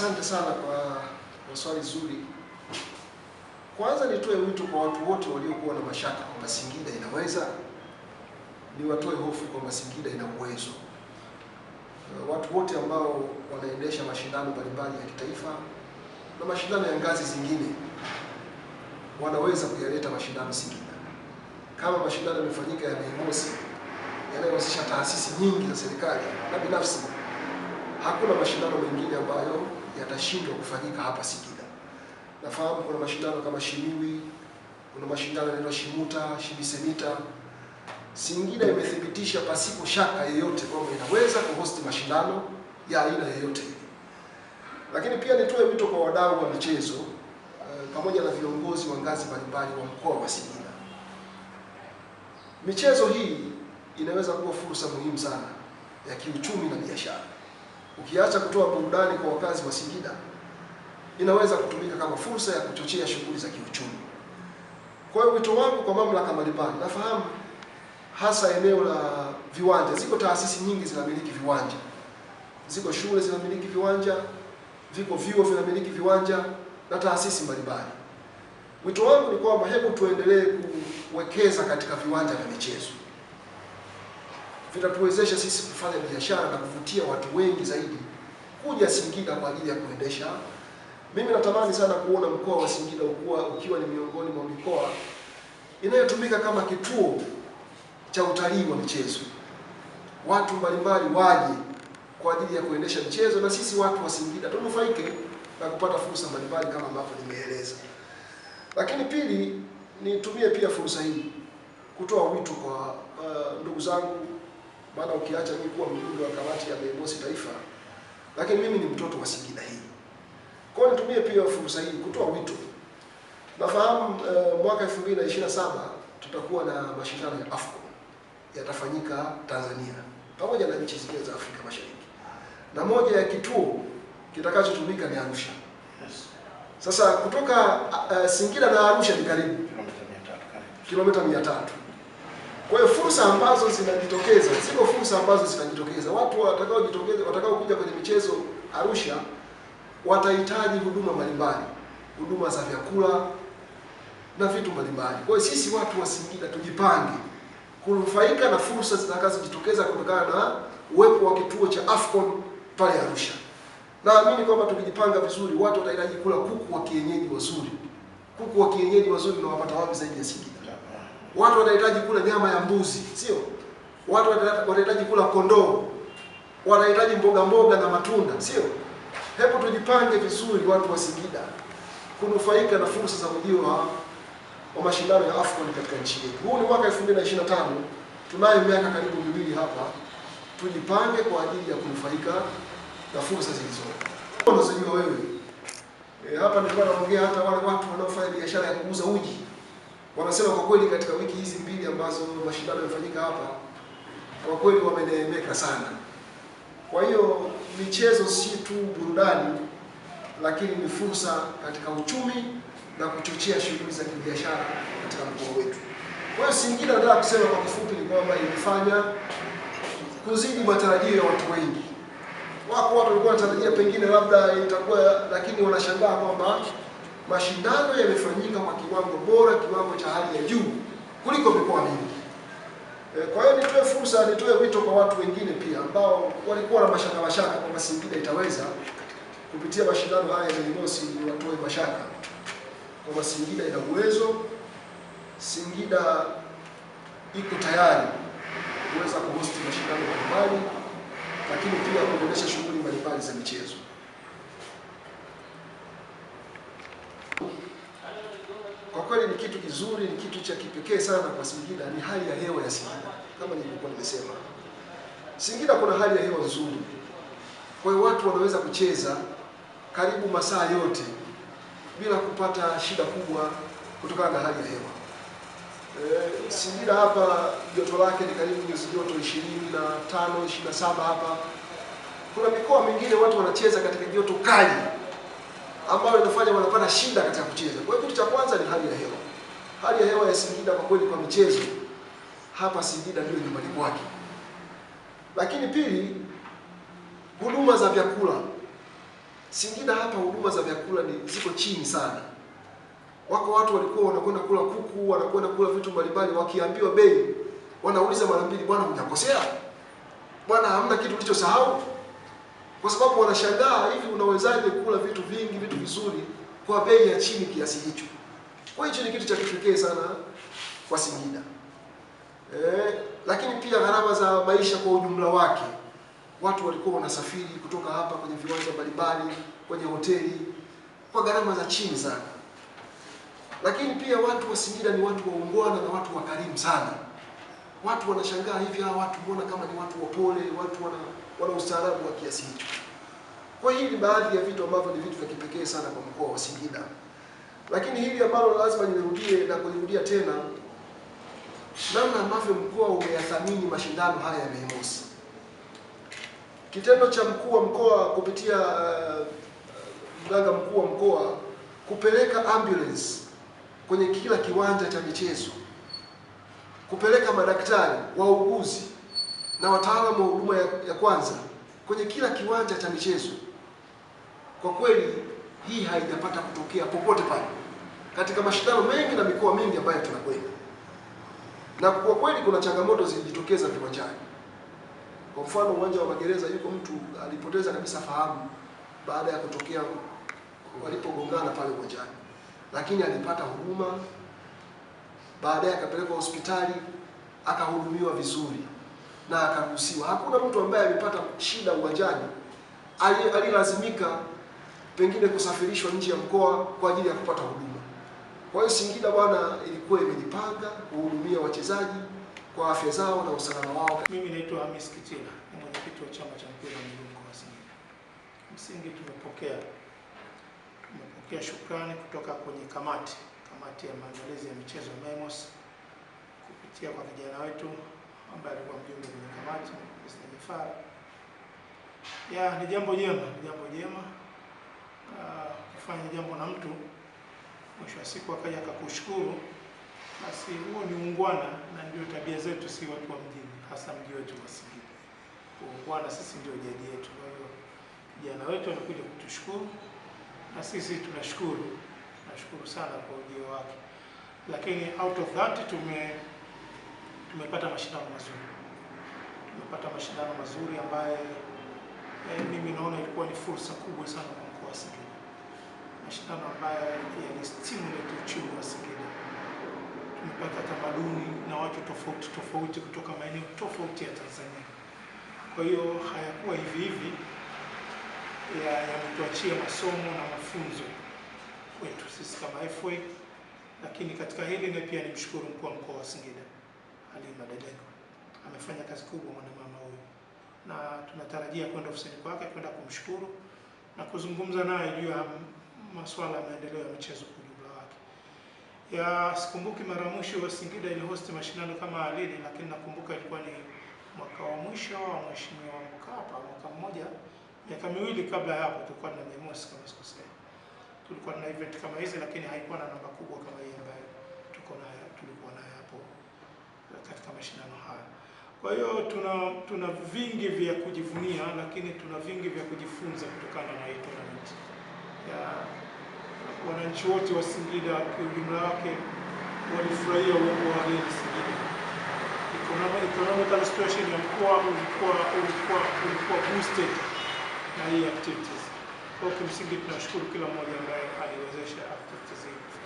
Asante sana kwa, maswali zuri. Kwanza nitoe wito kwa watu wote waliokuwa na mashaka kwamba Singida inaweza, niwatoe hofu kwamba Singida ina uwezo. Uh, watu wote ambao wanaendesha mashindano mbalimbali ya kitaifa na mashindano ya ngazi zingine wanaweza kuyaleta mashindano Singida, kama mashindano yamefanyika ya Mei Mosi yanayohusisha taasisi nyingi za serikali na binafsi. Hakuna mashindano mengine ambayo yatashindwa kufanyika hapa Singida. Nafahamu kuna mashindano kama Shimiwi, kuna mashindano yanaitwa Shimuta, Shimisemita. Singida imethibitisha pasipo shaka yeyote kwamba inaweza kuhost mashindano ya aina yoyote Lakini pia nitoe wito kwa wadau wa michezo eh, pamoja na viongozi wa ngazi mbalimbali wa mkoa wa Singida. Michezo hii inaweza kuwa fursa muhimu sana ya kiuchumi na biashara ukiacha kutoa burudani kwa wakazi wa Singida, inaweza kutumika kama fursa ya kuchochea shughuli za kiuchumi. Kwa hiyo wito wangu kwa mamlaka mbalimbali, nafahamu hasa eneo la viwanja, ziko taasisi nyingi zinamiliki viwanja, ziko shule zinamiliki viwanja, viko vyuo vinamiliki viwanja na taasisi mbalimbali. Wito wangu ni kwamba hebu tuendelee kuwekeza katika viwanja vya michezo vitatuwezesha sisi kufanya biashara na kuvutia watu wengi zaidi kuja Singida kwa ajili ya kuendesha. Mimi natamani sana kuona mkoa wa Singida ukua, ukiwa ni miongoni mwa mikoa inayotumika kama kituo cha utalii wa michezo, watu mbalimbali waje kwa ajili ya kuendesha michezo, na sisi watu wa Singida tunufaike na kupata fursa mbalimbali kama ambavyo nimeeleza. Lakini pili, nitumie pia fursa hii kutoa wito kwa uh, ndugu zangu maana ukiacha mimi kuwa mjumbe wa kamati ya bei mosi taifa, lakini mimi ni mtoto wa Singida hii. Kwa hiyo nitumie pia fursa hii kutoa wito. Nafahamu uh, mwaka 2027 tutakuwa na mashindano ya AFCON yatafanyika Tanzania pamoja na nchi zingine za Afrika Mashariki, na moja ya kituo kitakachotumika ni Arusha. Sasa kutoka uh, Singida na Arusha ni karibu kilomita mia kwa hiyo fursa ambazo zinajitokeza ziko fursa ambazo zinajitokeza. Watu watakaojitokeza watakaokuja kwenye michezo Arusha watahitaji huduma mbalimbali, huduma za vyakula na vitu mbalimbali. Kwa hiyo sisi watu wa Singida tujipange kunufaika na fursa zitakazojitokeza kutokana na uwepo wa kituo cha Afcon pale Arusha. Naamini kwamba tukijipanga vizuri, watu watahitaji kula kuku wa kienyeji wazuri. Kuku wa kienyeji wazuri unawapata wapi zaidi ya Singida? Watu watahitaji kula nyama ya mbuzi, sio? Watu watahitaji kula kondoo, watahitaji mboga mboga na matunda, sio? Hebu tujipange vizuri, watu wa Singida, kunufaika na fursa za ujio wa mashindano ya AFCON katika nchi yetu. Huu ni mwaka 2025, tunayo miaka karibu miwili hapa. Tujipange kwa ajili ya kunufaika na fursa zilizopo. Unazijua wewe. E, hapa nilikuwa naongea hata wale watu wanaofanya biashara ya kuuza uji wanasema kwa kweli katika wiki hizi mbili ambazo mashindano yamefanyika hapa, kwa kweli wameneemeka sana. Kwa hiyo michezo si tu burudani, lakini ni fursa katika uchumi na kuchochea shughuli za kibiashara katika mkoa wetu. Kwa hiyo Singida, nataka kusema kwa kifupi ni kwamba imefanya kuzidi matarajio ya watu wengi. Wako watu walikuwa wanatarajia pengine labda itakuwa, lakini wanashangaa kwamba mashindano yamefanyika kwa kiwango bora, kiwango cha hali ya juu kuliko mikoa mingi. E, kwa hiyo nitoe fursa, nitoe wito kwa watu wengine pia ambao walikuwa na mashaka mashaka kwamba Singida itaweza kupitia mashindano haya ya Jumamosi, watoe mashaka kwamba Singida ina uwezo, Singida iko tayari kuweza kuhosti mashindano mbalimbali, lakini pia kuendesha shughuli mbalimbali za michezo. Kwa kweli ni kitu kizuri, ni kitu cha kipekee sana kwa Singida, ni hali ya hewa ya Singida. Kama nilivyokuwa nimesema, Singida kuna hali ya hewa nzuri, kwa hiyo watu wanaweza kucheza karibu masaa yote bila kupata shida kubwa kutokana na hali ya hewa. E, Singida hapa joto lake ni karibu nyuzi joto 25 27. Hapa kuna mikoa mingine watu wanacheza katika joto kali ambayo inafanya wanapata shida katika kucheza. Kwa hiyo kitu cha kwanza ni hali ya hewa. Hali ya hewa ya Singida kwa kweli, kwa michezo hapa Singida ndio nyumbani kwake, lakini pili, huduma za vyakula Singida hapa huduma za vyakula ni ziko chini sana. Wako watu walikuwa wanakwenda kula kuku, wanakwenda kula vitu mbalimbali, wakiambiwa bei wanauliza mara mbili, bwana hujakosea, bwana hamna kitu ulichosahau kwa sababu wanashangaa hivi, unawezaje kula vitu vingi vitu vizuri kwa bei ya chini kiasi hicho? Kwa hiyo ni kitu cha kipekee sana kwa Singida. Eh, lakini pia gharama za maisha kwa ujumla wake, watu walikuwa wanasafiri kutoka hapa kwenye viwanja mbalimbali, kwenye hoteli kwa gharama za chini sana. Lakini pia watu wa Singida ni watu waungwana na watu wakarimu sana. Watu wanashangaa hivi, hawa watu mbona kama ni watu wapole, watu wana wana ustaarabu wa kiasi hicho. Kwa hiyo ni baadhi ya vitu ambavyo ni vitu vya kipekee sana kwa mkoa wa Singida, lakini hili ambalo lazima nirudie na kulirudia tena, namna ambavyo mkoa umeyathamini mashindano haya ya Mei Mosi. Kitendo cha mkuu wa mkoa kupitia uh, mganga mkuu wa mkoa kupeleka ambulance kwenye kila kiwanja cha michezo, kupeleka madaktari, wauguzi na wataalamu wa huduma ya, ya kwanza kwenye kila kiwanja cha michezo. Kwa kweli hii haijapata kutokea popote pale katika mashindano mengi na mikoa mingi ambayo tunakwenda, na kwa kweli kuna changamoto zilijitokeza viwanjani. Kwa mfano uwanja wa magereza, yuko mtu alipoteza kabisa fahamu baada ya kutokea walipogongana pale uwanjani, lakini alipata huduma, baadaye akapelekwa hospitali akahudumiwa vizuri na akaruhusiwa. Hakuna mtu ambaye amepata shida uwanjani alilazimika pengine kusafirishwa nje ya mkoa kwa ajili ya kupata huduma. Kwa hiyo Singida bwana, ilikuwa imejipanga kuhudumia wachezaji kwa afya zao na usalama wao. Mimi naitwa Hamis Kitila, ni mwenyekiti wa chama cha mpira wa miguu mkoa wa Singida. Msingi tumepokea tumepokea shukrani kutoka kwenye kamati kamati ya maandalizi ya michezo MEMOS kupitia kwa vijana wetu ambaye alikuwa mjumbe kwenye kamati Mr. Jafari. Ya ni jambo jema, ni jambo jema ah, kufanya jambo na mtu mwisho wa siku akaja akakushukuru, basi huo ni ungwana, na ndio tabia zetu, si watu wa mjini, hasa mji wetu wa Singida. Ungwana sisi ndio jadi yetu. Kwa hiyo kijana wetu amekuja kutushukuru na sisi tunashukuru, tunashukuru sana kwa ujio wake, lakini out of that tume tumepata mashindano mazuri, tumepata mashindano mazuri ambaye eh, mimi naona ilikuwa ni fursa kubwa sana kwa mkoa wa Singida, mashindano ambayo yalistimulate uchumi wa Singida. Tumepata tamaduni na watu tofauti tofauti kutoka maeneo tofauti ya Tanzania. Kwa hiyo hayakuwa hivi hivi, yametuachia ya masomo na mafunzo kwetu sisi kama FA, lakini katika hili na pia nimshukuru mkuu wa mkoa wa Singida Halima Madeleko amefanya kazi kubwa mwanamama huyu, na tunatarajia kwenda ofisini kwake kwenda kumshukuru na kuzungumza naye juu ya masuala ya maendeleo ya michezo kwa ujumla wake. Ya sikumbuki mara mwisho wa Singida host mashindano kama alili, lakini nakumbuka ilikuwa ni mwaka wa mwisho wa mheshimiwa Mkapa, mwaka mmoja miaka miwili kabla ya hapo, tulikuwa na Mei Mosi kama sikosea, tulikuwa na event kama hizi, lakini haikuwa na namba kubwa kama hii ambayo Kwa hiyo tuna tuna vingi vya kujivunia, lakini tuna vingi vya kujifunza kutokana na hii tournament ya wananchi wote wa Singida kwa ujumla wake walifurahia uwepo wa Reli Singida. Economical situation ya mkoa ulikuwa ulikuwa ulikuwa boosted na hii activities. Kwa kimsingi tunashukuru kila mmoja ambaye aliwezesha activities hii.